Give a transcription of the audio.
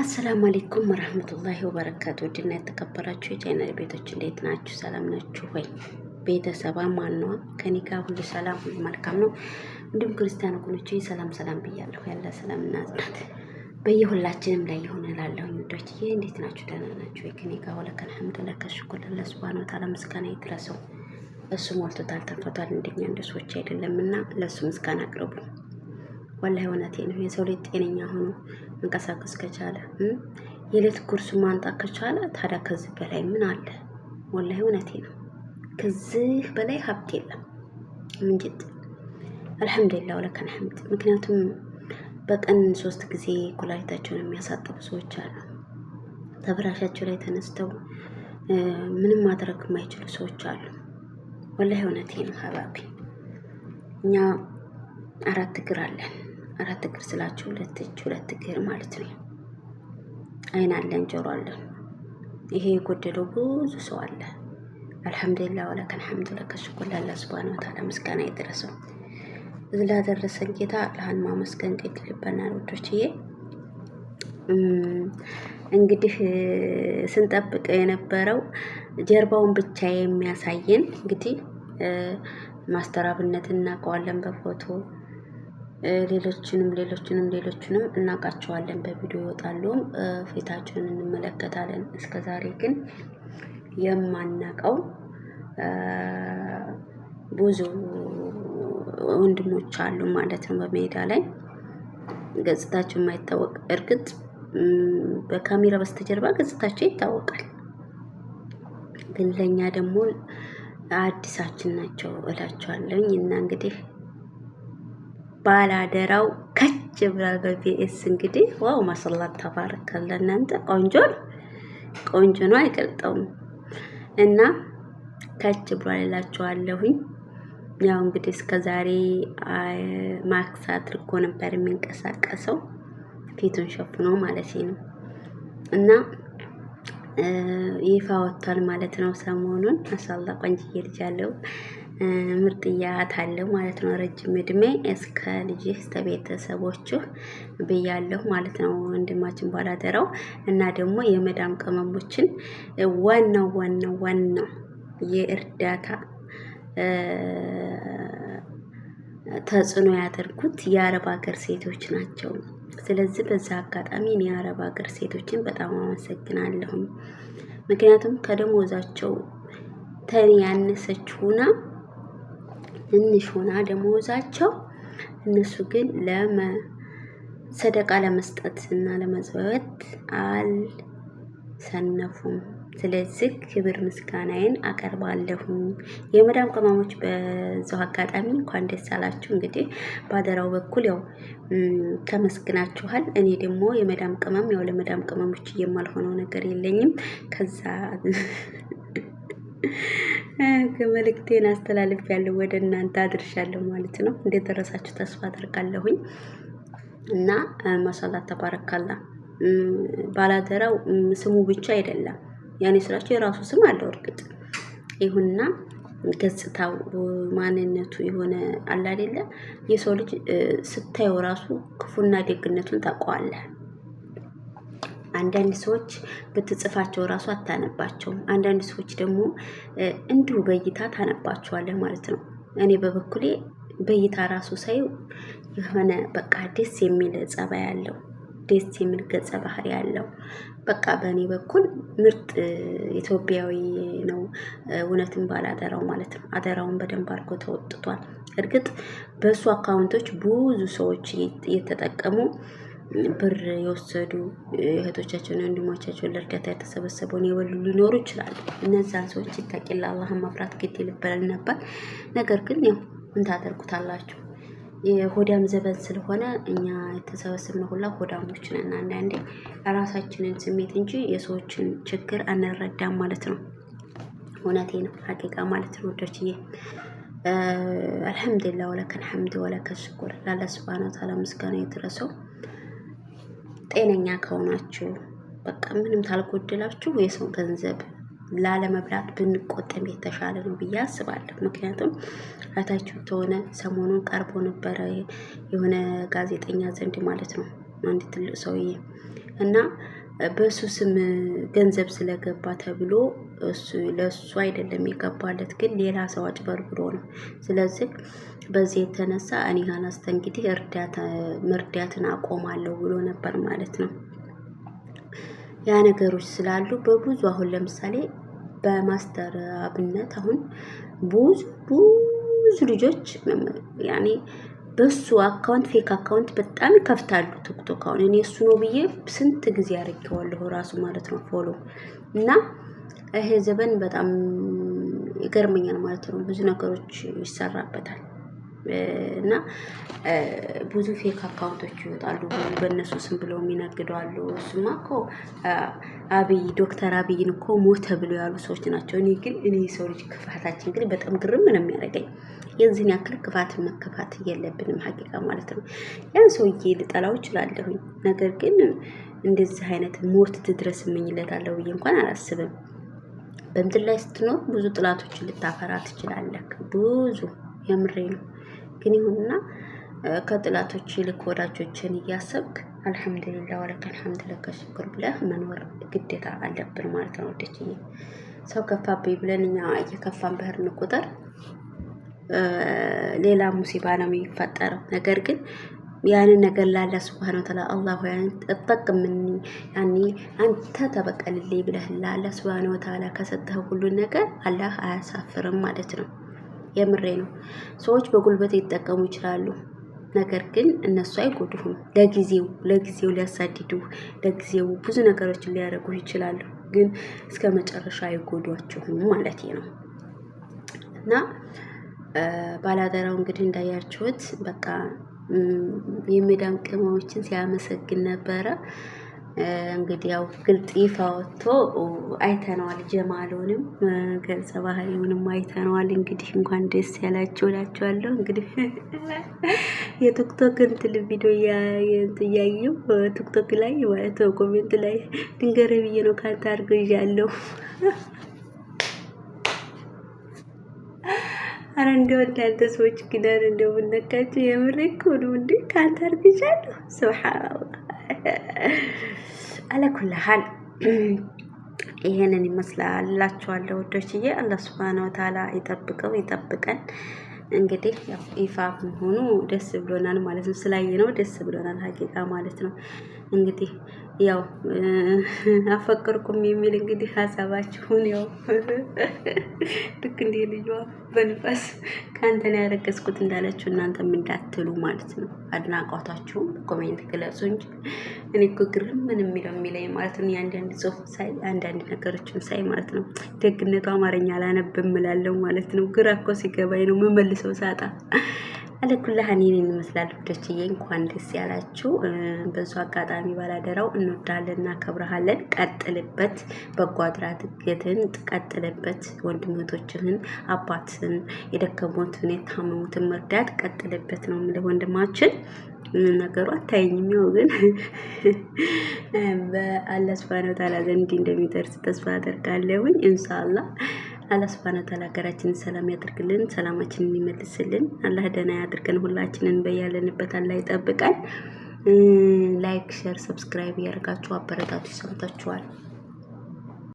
አሰላሙ አሌይኩም ወረህመቱላሂ ወበረካቱ። ውድና የተከበራችሁ የቻይናል ቤቶች እንዴት ናችሁ? ሰላም ናችሁ ወይ? ቤተሰባ ማኗ ከኔ ጋር ሁሉ ሰላም ሁሉ መልካም ነው። እንዲሁም ክርስቲያን ወገኖች ሰላም ሰላም ብያለሁ። ያለ ሰላም እና ጽናት በየሁላችንም ላይ የሆነ ላለሁ ውዶች ይህ እንዴት ናችሁ? ደህና ናችሁ ወይ? ከኔ ጋር ወለከል ሐምድ ለከሽኩል ለሱብሃነ ወተዓላ ምስጋና ይድረሰው። እሱ ሞልቶታል ተርፎታል። እንደኛ እንደ ሰዎች አይደለምና ለእሱ ምስጋና አቅርቡ። ወላሂ እውነቴ ነው። የሰው ልጅ ጤነኛ ሆኖ መንቀሳቀስ ከቻለ የዕለት ጉርሱ ማንጣት ከቻለ ታዲያ ከዚህ በላይ ምን አለ? ወላሂ እውነቴ ነው። ከዚህ በላይ ሀብት የለም። ምንጭጥ አልሐምዱሊላ ወለከን ሐምድ። ምክንያቱም በቀን ሶስት ጊዜ ኩላሊታቸውን የሚያሳጥቡ ሰዎች አሉ። ተብራሻቸው ላይ ተነስተው ምንም ማድረግ የማይችሉ ሰዎች አሉ። ወላሂ እውነቴ ነው። ሀባቢ እኛ አራት እግር አለን። አራት እግር ስላችሁ ሁለት እጅ ሁለት እግር ማለት ነው። አይን አለን ጆሮ አለን። ይሄ የጎደለው ብዙ ሰው አለ። አልሐምዱሊላህ ወለከን ሐምዱ ለከ ሽኩር ለአላህ ሱብሓነሁ ወተዓላ ምስጋና ይድረሰው። ላደረሰን ጌታ አላህን ማመስገን ግድ ይልበናል ወዶችዬ። እንግዲህ ስንጠብቀው የነበረው ጀርባውን ብቻ የሚያሳየን እንግዲህ ማስተራብነት እናውቀዋለን በፎቶ ሌሎችንም ሌሎችንም ሌሎችንም እናውቃቸዋለን። በቪዲዮ ይወጣሉ ፊታቸውን እንመለከታለን። እስከዛሬ ግን የማናውቀው ብዙ ወንድሞች አሉ ማለት ነው። በሜዳ ላይ ገጽታቸው የማይታወቅ እርግጥ በካሜራ በስተጀርባ ገጽታቸው ይታወቃል። ግን ለእኛ ደግሞ አዲሳችን ናቸው እላቸዋለሁኝ እና እንግዲህ ባላደራው ከች ብሏል። በቢኤስ እንግዲህ ዋው ማሻላ ተባረከላ። እናንተ ቆንጆ ቆንጆ ነው አይገልጠውም እና ከች ብሏል እላችኋለሁኝ። ያው እንግዲህ እስከ ዛሬ ማክስ አድርጎ ነበር የሚንቀሳቀሰው ፊቱን ሸፍኖ ማለት ነው እና ይፋ ወጥቷል ማለት ነው። ሰሞኑን ማሻላ ቆንጅዬ ልጅ አለው። ምርጥያት አለው ማለት ነው። ረጅም እድሜ እስከ ልጅህ እስከ ቤተሰቦቹ ብያለሁ ማለት ነው። ወንድማችን ባላደራው እና ደግሞ የመዳም ቅመሞችን ዋናው ዋናው ዋናው የእርዳታ ተጽዕኖ ያደርጉት የአረብ ሀገር ሴቶች ናቸው። ስለዚህ በዛ አጋጣሚ እኔ የአረብ ሀገር ሴቶችን በጣም አመሰግናለሁ። ምክንያቱም ከደሞዛቸው ተን ያነሰች ሁና ትንሽ ሆና ደመወዛቸው እነሱ ግን ለመ ሰደቃ ለመስጠት እና ለመጽወት አልሰነፉም። ስለዚህ ክብር ምስጋናዬን አቀርባለሁ። የመዳም ቅመሞች በዛው አጋጣሚ እንኳን ደስ አላችሁ። እንግዲህ ባደራው በኩል ያው ተመስግናችኋል። እኔ ደግሞ የመዳም ቅመም ያው ለመዳም ቅመሞች የማልሆነው ነገር የለኝም ከዛ መልእክቴን አስተላልፍ ያለው ወደ እናንተ አድርሻለሁ ማለት ነው። እንደደረሳችሁ ተስፋ አደርጋለሁኝ እና ማሻላ ተባረካላ። ባላደራው ስሙ ብቻ አይደለም ያኔ ስራቸው የራሱ ስም አለው እርግጥ ይሁንና ገጽታው ማንነቱ የሆነ አለ አይደለ? የሰው ልጅ ስታየው ራሱ ክፉና ደግነቱን ታውቀዋለህ። አንዳንድ ሰዎች ብትጽፋቸው እራሱ አታነባቸውም። አንዳንድ ሰዎች ደግሞ እንዲሁ በእይታ ታነባቸዋለህ ማለት ነው። እኔ በበኩሌ በእይታ ራሱ ሳይ የሆነ በቃ ደስ የሚል ፀባይ አለው ደስ የሚል ገጸ ባህሪ ያለው በቃ በእኔ በኩል ምርጥ ኢትዮጵያዊ ነው። እውነትን አደራው ማለት ነው አደራውን በደንብ አድርጎ ተወጥቷል። እርግጥ በሱ አካውንቶች ብዙ ሰዎች እየተጠቀሙ ብር የወሰዱ እህቶቻቸውን፣ ወንድሞቻቸውን ለእርዳታ የተሰበሰበውን የበሉ ሊኖሩ ይችላሉ። እነዛን ሰዎች ይታቂላ አላህን መፍራት ግድ ይልበላል ነበር። ነገር ግን ያው ምን ታደርጉታላችሁ? የሆዳም ዘበን ስለሆነ እኛ የተሰበሰብነው ሁላ ሆዳሞች ነን። አንዳንዴ ራሳችንን ስሜት እንጂ የሰዎችን ችግር አንረዳም ማለት ነው። እውነቴ ነው፣ ሀቂቃ ማለት ነው ወዶችዬ አልሐምዱሊላህ ወለከል ሐምድ ወለከል ሽኩር ላለ ስብሃነ ወተዓላ ምስጋና የደረሰው ጤነኛ ከሆናችሁ በቃ ምንም ታልጎደላችሁ የሰው ገንዘብ ላለመብላት ብንቆጠም የተሻለ ነው ብዬ አስባለሁ። ምክንያቱም አይታችሁ ከሆነ ሰሞኑን ቀርቦ ነበረ የሆነ ጋዜጠኛ ዘንድ ማለት ነው አንድ ትልቅ ሰውዬ እና በእሱ ስም ገንዘብ ስለገባ ተብሎ ለእሱ አይደለም የገባለት፣ ግን ሌላ ሰው አጭበርብሮ ነው። ስለዚህ በዚህ የተነሳ እኔ አናስተ እንግዲህ መርዳትን አቆማለሁ ብሎ ነበር ማለት ነው። ያ ነገሮች ስላሉ በብዙ አሁን ለምሳሌ በማስተር አብነት አሁን ብዙ ብዙ ልጆች ያኔ በሱ አካውንት ፌክ አካውንት በጣም ይከፍታሉ። ቲክቶክ አሁን እኔ እሱ ነው ብዬ ስንት ጊዜ አድርጌዋለሁ ራሱ ማለት ነው ፎሎ እና ይሄ ዘበን በጣም ይገርመኛል ማለት ነው። ብዙ ነገሮች ይሰራበታል እና ብዙ ፌክ አካውንቶች ይወጣሉ። በእነሱ ስም ብለው የሚነግደዋሉ። እሱማ እኮ አብይ ዶክተር አብይን እኮ ሞተ ብሎ ያሉ ሰዎች ናቸው። እኔ ግን እኔ የሰው ልጅ ክፋታችን ግን በጣም ግርም ነው የሚያደርገኝ። የዚህን ያክል ክፋትን መከፋት የለብንም ሀቂቃ ማለት ነው። ያን ሰውዬ ልጠላው እችላለሁኝ፣ ነገር ግን እንደዚህ አይነት ሞት ትድረስ እመኝለታለሁ ብዬ እንኳን አላስብም። በምድር ላይ ስትኖር ብዙ ጥላቶችን ልታፈራ ትችላለህ። ብዙ የምሬ ነው። ግን ይሁንና ከጥላቶች ይልቅ ወዳጆችን እያሰብክ አልሐምዱሊላህ ወለከ አልሐምድ ለከ ሽኩር ብለህ መኖር ግዴታ አለብን ማለት ነው። ወደች ሰው ከፋብኝ ብለን እኛ እየከፋን በህርን ቁጥር ሌላ ሙሲባ ነው የሚፈጠረው። ነገር ግን ያንን ነገር ላለ ስብሃነ ወተዓላ አላህ ሆይ እጠቅምኒ ያኔ አንተ ተበቀልልኝ ብለህ ላለ ስብሃነ ወተዓላ ከሰጠህ ሁሉን ነገር አላህ አያሳፍርም ማለት ነው። የምሬ ነው። ሰዎች በጉልበት ይጠቀሙ ይችላሉ። ነገር ግን እነሱ አይጎድሁም። ለጊዜው ለጊዜው ሊያሳድዱ ለጊዜው ብዙ ነገሮችን ሊያደርጉ ይችላሉ፣ ግን እስከ መጨረሻ አይጎዷችሁም ማለት ነው እና ባላደራው እንግዲህ እንዳያችሁት በቃ የሜዳም ቅመሞችን ሲያመሰግን ነበረ። እንግዲህ ያው ግልጥ ይፋ ወጥቶ አይተነዋል። ጀማሉንም ገጸ ባህሪውንም አይተነዋል። እንግዲህ እንኳን ደስ ያላችሁ እላችኋለሁ። እንግዲህ የቲክቶክ እንትን ቪዲዮ እያየሁ ቲክቶክ ላይ ማለት ነው ኮሜንት ላይ ድንገረ ብዬ ነው ካንተ አርግዣለሁ። አረ እንደው እናንተ ሰዎች ግዳን እንደው የምነካቸው የምሬ ከሆኑ እንዴ! ካንተ አርግዣለሁ። ሱብሃንአላህ አለኩልሃል ይሄንን ይመስላል እላችኋለሁ አላህ ሱብሃነ ወተዓላ ይጠብቀው ይጠብቀን። እንግዲህ ያው ይፋ መሆኑ ደስ ብሎናል ማለት ነው። ስላየ ነው ደስ ብሎናል ሀቂቃ ማለት ነው። እንግዲህ ያው አፈቅርኩም የሚል እንግዲህ ሀሳባችሁን ያው ልክ እንዲህ ልጇ በንፋስ ከአንተ ነው ያረገዝኩት እንዳለችው እናንተም እንዳትሉ ማለት ነው። አድናቆታችሁም ኮሜንት ግለጹ እንጂ እኔ እኮ ግርም ምን የሚለው የሚለኝ ማለት ነው። የአንዳንድ ጽሁፍ ሳይ አንዳንድ ነገሮችን ሳይ ማለት ነው። ደግነቱ አማርኛ አላነብም እላለሁ ማለት ነው። ግራ እኮ ሲገባኝ ነው የምመልሰው ሳጣ አለኩላህን ይህን ይመስላል። ውዶችዬ እንኳን ደስ ያላችሁ። በዙ አጋጣሚ ባላደራው እንወዳለን፣ እናከብረሃለን። ቀጥልበት፣ በጎ አድራት እድገትን ቀጥልበት። ወንድምቶችህን፣ አባትን፣ የደከሙትን፣ የታመሙትን መርዳት ቀጥልበት ነው የምልህ ወንድማችን። ነገሩ አታየኝም። ያው ግን በአላህ ሱብሃነሁ ወተዓላ ዘንድ እንደሚደርስ ተስፋ አደርጋለሁኝ ኢንሻአላህ። አላህ ስብሐነ ወተዓላ ሀገራችንን ሰላም ያድርግልን፣ ሰላማችንን ይመልስልን። አላህ ደህና ያድርገን። ሁላችንን በያለንበት አላህ ይጠብቀን። ላይክ፣ ሼር፣ ሰብስክራይብ ያደርጋችሁ አበረታቱ። ይሰምታችኋል።